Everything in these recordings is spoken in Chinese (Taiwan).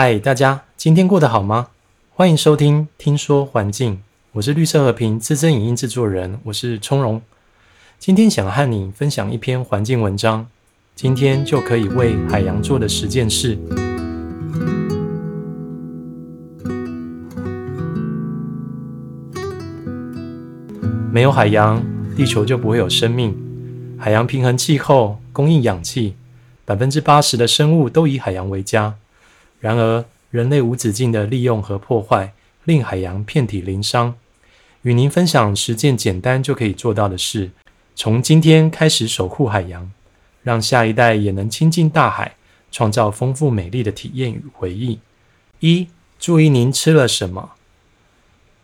嗨，大家，今天過得好嗎？歡迎收聽《聽說環境》，我是綠色和平資深影音制作人，我是聰榮。今天想和你分享一篇環境文章。今天就可以為海洋做的十件事。沒有海洋，地球就不會有生命。海洋平衡氣候，供應氧氣。百分之八十的生物都以海洋為家。然而，人類無止境的利用和破壞，令海洋遍體鱗傷。與您分享十件簡單就可以做到的事，從今天開始守護海洋，讓下一代也能親近大海，創造豐富美麗的體驗與回憶。一、注意您吃了什麼？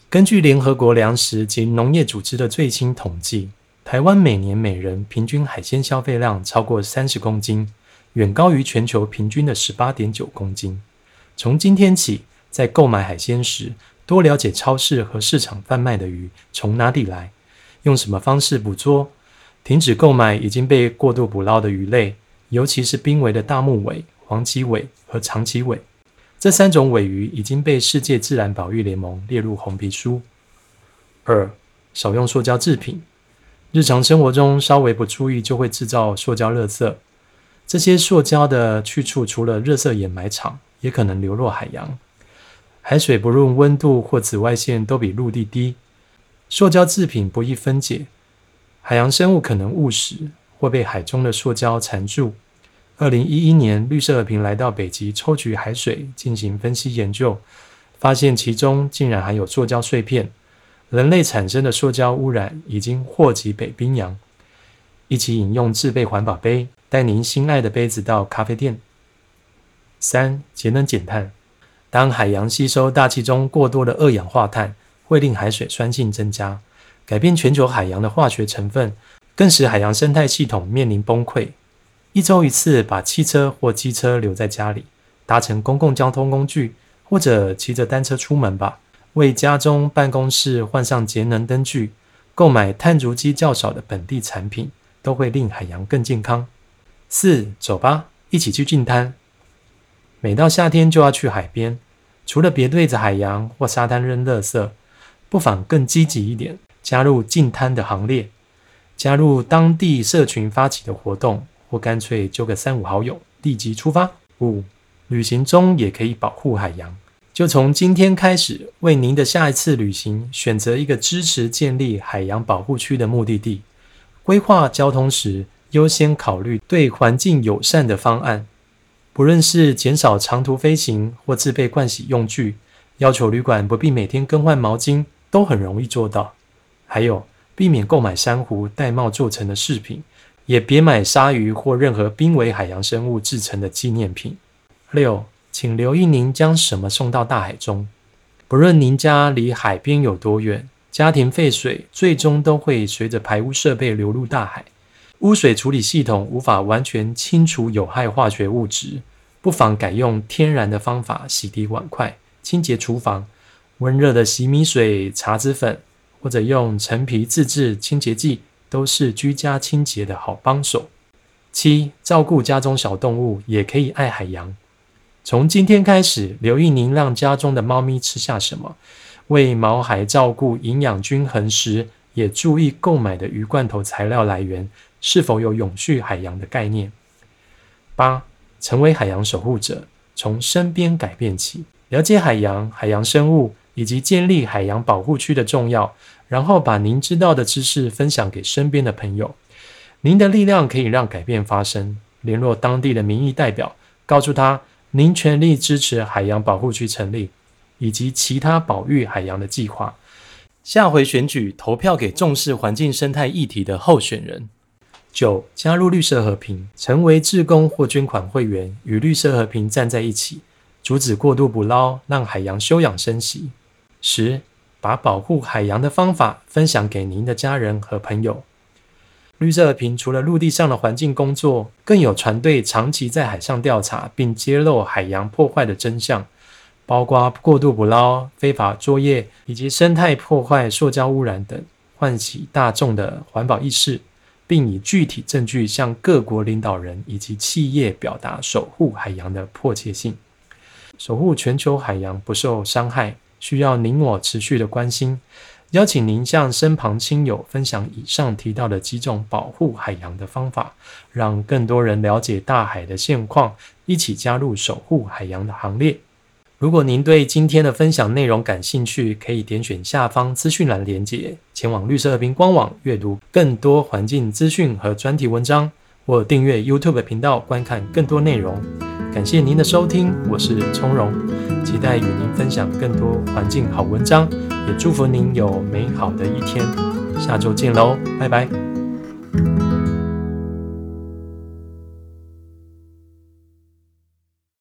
根據聯合國糧食及農業組織的最新統計，台灣每年每人平均海鮮消費量超過三十公斤，遠高於全球平均的十八點九公斤。從今天起，在購買海鮮時，多了解超市和市場販賣的魚從哪裡來，用什麼方式捕捉。停止購買已經被過度捕撈的魚類，尤其是瀕危的大目鮪、黃鰭鮪和長鰭鮪。這三種鮪魚已經被世界自然保育聯盟列入紅皮書。二、少用塑膠製品。日常生活中稍微不注意就會製造塑膠垃圾。這些塑膠的去處，除了熱色掩埋場，也可能流落海洋。海水不論溫度或紫外線都比陸地低，塑膠制品不易分解，海洋生物可能誤食或被海中的塑膠纏住。二零一一年，綠色和平來到北極抽取海水進行分析研究，發現其中竟然含有塑膠碎片。人類產生的塑膠污染已經禍及北冰洋。一起飲用自備環保杯。帶您心愛的杯子到咖啡店。三、節能減碳，當海洋吸收大氣中過多的二氧化碳，會令海水酸性增加，改變全球海洋的化學成分，更使海洋生態系統面臨崩潰。一周一次把汽車或機車留在家裡，搭乘公共交通工具，或者騎着單車出門吧。為家中辦公室換上節能燈具，購買碳足跡較少的本地產品，都會令海洋更健康。四，走吧，一起去淨灘。每到夏天就要去海邊，除了別對着海洋或沙灘扔垃圾，不妨更積極一點，加入淨灘的行列，加入當地社群發起的活動，或乾脆揪個三五好友，立即出發。五，旅行中也可以保護海洋，就從今天開始，為您的下一次旅行選擇一個支持建立海洋保護區的目的地，規劃交通時，優先考慮對環境友善的方案，不論是減少長途飛行或自備盥洗用具，要求旅館不必每天更換毛巾，都很容易做到。還有，避免購買珊瑚、玳瑁做成的飾品，也別買鯊魚或任何瀕危海洋生物製成的紀念品。六，請留意您將什麼送到大海中。不論您家離海邊有多遠，家庭廢水最終都會隨着排污設備流入大海。污水處理系統無法完全清除有害化學物質，不妨改用天然的方法洗滌碗筷、清潔廚房。溫熱的洗米水、茶籽粉，或者用陳皮自制清潔劑，都是居家清潔的好幫手。七、照顧家中小動物也可以愛海洋。從今天開始，留意您讓家中的貓咪吃下什麼，為毛孩照顧營養均衡時，也注意購買的魚罐頭材料來源。是否有永續海洋的概念？八，成為海洋守護者，從身邊改變起，了解海洋、海洋生物以及建立海洋保護區的重要，然後把您知道的知識分享給身邊的朋友。您的力量可以讓改變發生。聯絡當地的民意代表，告訴他您全力支持海洋保護區成立以及其他保育海洋的計劃。下回選舉，投票給重視環境生態議題的候選人。九，加入綠色和平，成為志工或捐款會員，與綠色和平站在一起，阻止過度捕撈，讓海洋休養生息。十，把保護海洋的方法分享給您的家人和朋友。綠色和平除了陸地上的環境工作，更有船隊長期在海上調查，並揭露海洋破壞的真相，包括過度捕撈、非法作業以及生態破壞、塑膠污染等，喚起大眾的環保意識。並以具體證據向各國領導人以及企業表達守護海洋的迫切性。守護全球海洋不受傷害，需要您我持續的關心。邀請您向身旁親友分享以上提到的幾種保護海洋的方法，讓更多人了解大海的現況，一起加入守護海洋的行列。如果您對今天的分享內容感興趣，可以點選下方資訊欄連結，前往綠色和平官網閱讀更多環境資訊和專題文章，或訂閱 YouTube 頻道觀看更多內容。感謝您的收聽，我是從容，期待與您分享更多環境好文章，也祝福您有美好的一天。下週見嘍，拜拜。